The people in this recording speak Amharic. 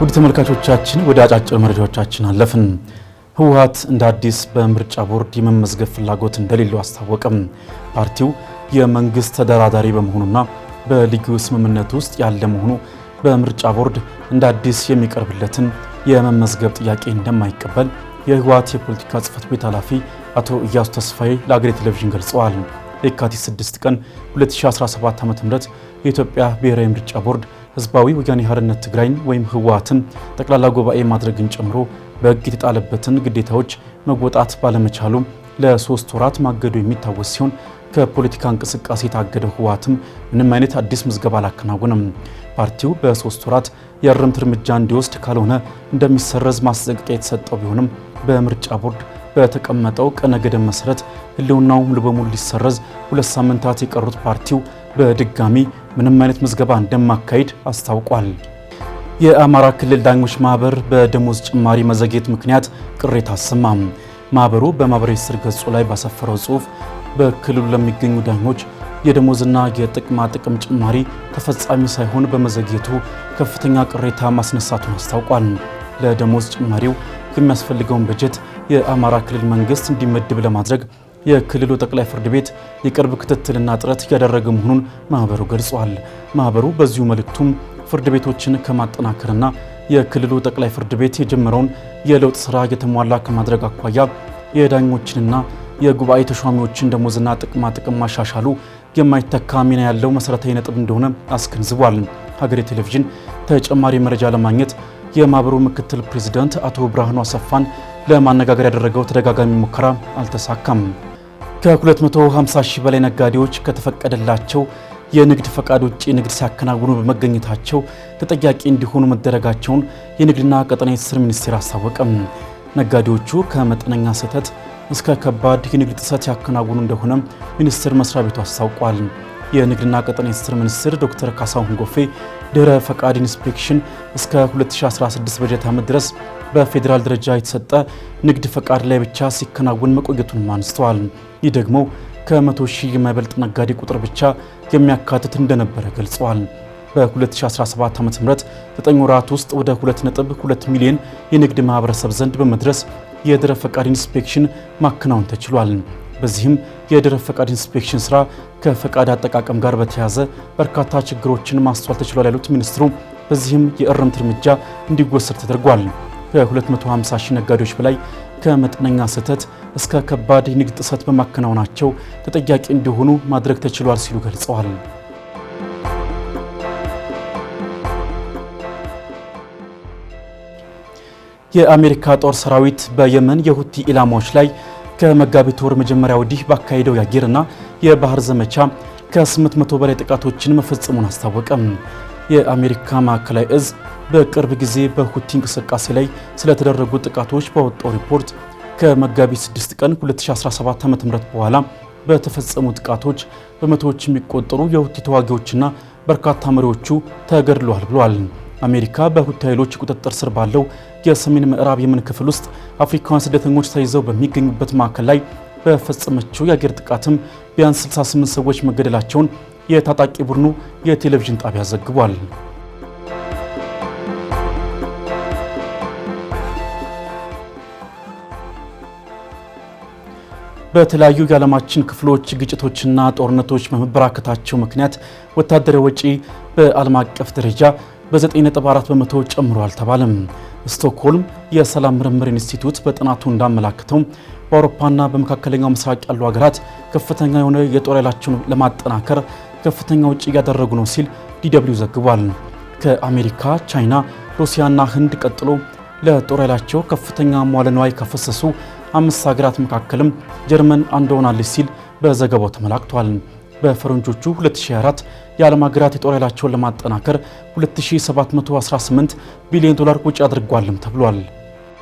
ውድ ተመልካቾቻችን ወደ አጫጭር መረጃዎቻችን አለፍን። ህወሓት እንደ አዲስ በምርጫ ቦርድ የመመዝገብ ፍላጎት እንደሌለው አስታወቀም። ፓርቲው የመንግስት ተደራዳሪ በመሆኑና በልዩ ስምምነት ውስጥ ያለ መሆኑ በምርጫ ቦርድ እንደ አዲስ የሚቀርብለትን የመመዝገብ ጥያቄ እንደማይቀበል የህወሓት የፖለቲካ ጽህፈት ቤት ኃላፊ አቶ እያሱ ተስፋዬ ለአገሬ ቴሌቪዥን ገልጸዋል። የካቲት 6 ቀን 2017 ዓ.ም የኢትዮጵያ ብሔራዊ ምርጫ ቦርድ ህዝባዊ ወያኔ ሓርነት ትግራይን ወይም ህወሓትን ጠቅላላ ጉባኤ ማድረግን ጨምሮ በህግ የተጣለበትን ግዴታዎች መወጣት ባለመቻሉ ለሶስት ወራት ማገዱ የሚታወስ ሲሆን ከፖለቲካ እንቅስቃሴ የታገደው ህወሓትም ምንም አይነት አዲስ ምዝገባ አላከናወነም። ፓርቲው በሶስት ወራት የእርምት እርምጃ እንዲወስድ ካልሆነ እንደሚሰረዝ ማስጠንቀቂያ የተሰጠው ቢሆንም በምርጫ ቦርድ በተቀመጠው ቀነ ገደብ መሰረት ህልውናው ሙሉ በሙሉ ሊሰረዝ ሁለት ሳምንታት የቀሩት ፓርቲው በድጋሚ ምንም አይነት ምዝገባ እንደማካሄድ አስታውቋል። የአማራ ክልል ዳኞች ማህበር በደሞዝ ጭማሪ መዘግየት ምክንያት ቅሬታ አሰማም። ማህበሩ በማህበራዊ ስር ገጹ ላይ ባሰፈረው ጽሁፍ በክልሉ ለሚገኙ ዳኞች የደሞዝና የጥቅማ ጥቅም ጭማሪ ተፈጻሚ ሳይሆን በመዘግየቱ ከፍተኛ ቅሬታ ማስነሳቱን አስታውቋል። ለደሞዝ ጭማሪው የሚያስፈልገውን በጀት የአማራ ክልል መንግስት እንዲመድብ ለማድረግ የክልሉ ጠቅላይ ፍርድ ቤት የቅርብ ክትትልና ጥረት እያደረገ መሆኑን ማህበሩ ገልጿል። ማህበሩ በዚሁ መልእክቱም ፍርድ ቤቶችን ከማጠናከርና የክልሉ ጠቅላይ ፍርድ ቤት የጀመረውን የለውጥ ስራ የተሟላ ከማድረግ አኳያ የዳኞችንና የጉባኤ ተሿሚዎችን ደሞዝና ጥቅማ ጥቅም ማሻሻሉ የማይተካ ሚና ያለው መሰረታዊ ነጥብ እንደሆነ አስገንዝቧል። ሀገሬ ቴሌቪዥን ተጨማሪ መረጃ ለማግኘት የማህበሩ ምክትል ፕሬዝዳንት አቶ ብርሃኑ አሰፋን ለማነጋገር ያደረገው ተደጋጋሚ ሙከራ አልተሳካም። ከ250 ሺህ በላይ ነጋዴዎች ከተፈቀደላቸው የንግድ ፈቃድ ውጭ ንግድ ሲያከናውኑ በመገኘታቸው ተጠያቂ እንዲሆኑ መደረጋቸውን የንግድና ቀጠና ትስስር ሚኒስቴር አስታወቀም። ነጋዴዎቹ ከመጠነኛ ስህተት እስከ ከባድ የንግድ ጥሰት ያከናውኑ እንደሆነም ሚኒስቴር መስሪያ ቤቱ አስታውቋል። የንግድና ቀጠና ትስስር ሚኒስትር ዶክተር ካሳሁን ጎፌ ድህረ ፈቃድ ኢንስፔክሽን እስከ 2016 በጀት ዓመት ድረስ በፌዴራል ደረጃ የተሰጠ ንግድ ፈቃድ ላይ ብቻ ሲከናወን መቆየቱንም አንስተዋል። ይህ ደግሞ ከመቶ ሺህ የማይበልጥ ነጋዴ ቁጥር ብቻ የሚያካትት እንደነበረ ገልጸዋል። በ2017 ዓ ም 9 ወራት ውስጥ ወደ 2.2 ሚሊዮን የንግድ ማህበረሰብ ዘንድ በመድረስ የድህረ ፈቃድ ኢንስፔክሽን ማከናወን ተችሏል። በዚህም የድረ ፈቃድ ኢንስፔክሽን ስራ ከፈቃድ አጠቃቀም ጋር በተያያዘ በርካታ ችግሮችን ማስተዋል ተችሏል ያሉት ሚኒስትሩ በዚህም የእርምት እርምጃ እንዲወሰድ ተደርጓል። ከ250 ሺህ ነጋዴዎች በላይ ከመጠነኛ ስህተት እስከ ከባድ የንግድ ጥሰት በማከናወናቸው ተጠያቂ እንዲሆኑ ማድረግ ተችሏል ሲሉ ገልጸዋል። የአሜሪካ ጦር ሰራዊት በየመን የሁቲ ኢላማዎች ላይ ከመጋቢት ወር መጀመሪያ ወዲህ ባካሄደው የአየርና የባህር ዘመቻ ከ800 በላይ ጥቃቶችን መፈጸሙን አስታወቀም። የአሜሪካ ማዕከላዊ እዝ በቅርብ ጊዜ በሁቲ እንቅስቃሴ ላይ ስለተደረጉ ጥቃቶች በወጣው ሪፖርት ከመጋቢት 6 ቀን 2017 ዓ.ም በኋላ በተፈጸሙ ጥቃቶች በመቶዎች የሚቆጠሩ የሁቲ ተዋጊዎችና በርካታ መሪዎቹ ተገድለዋል ብሏል። አሜሪካ በሁቲ ኃይሎች ቁጥጥር ስር ባለው የሰሜን ምዕራብ የመን ክፍል ውስጥ አፍሪካውያን ስደተኞች ተይዘው በሚገኙበት ማዕከል ላይ በፈጸመችው የአየር ጥቃትም ቢያንስ 68 ሰዎች መገደላቸውን የታጣቂ ቡድኑ የቴሌቪዥን ጣቢያ ዘግቧል። በተለያዩ የዓለማችን ክፍሎች ግጭቶችና ጦርነቶች በመበራከታቸው ምክንያት ወታደራዊ ወጪ በዓለም አቀፍ ደረጃ በ9.4 በመቶ ጨምሯል ተባለም። ስቶክሆልም የሰላም ምርምር ኢንስቲትዩት በጥናቱ እንዳመላክተው በአውሮፓና በመካከለኛው ምስራቅ ያሉ ሀገራት ከፍተኛ የሆነ የጦር ኃይላቸውን ለማጠናከር ከፍተኛ ውጪ እያደረጉ ነው ሲል ዲደብሊው ዘግቧል። ከአሜሪካ፣ ቻይና፣ ሩሲያና ህንድ ቀጥሎ ለጦር ኃይላቸው ከፍተኛ መዋለ ንዋይ አምስት ሀገራት መካከልም ጀርመን አንዷ ሆናለች ሲል በዘገባው ተመላክቷል። በፈረንጆቹ 2024 የዓለም ሀገራት የጦር ኃይላቸውን ለማጠናከር 2718 ቢሊዮን ዶላር ወጪ አድርጓልም ተብሏል።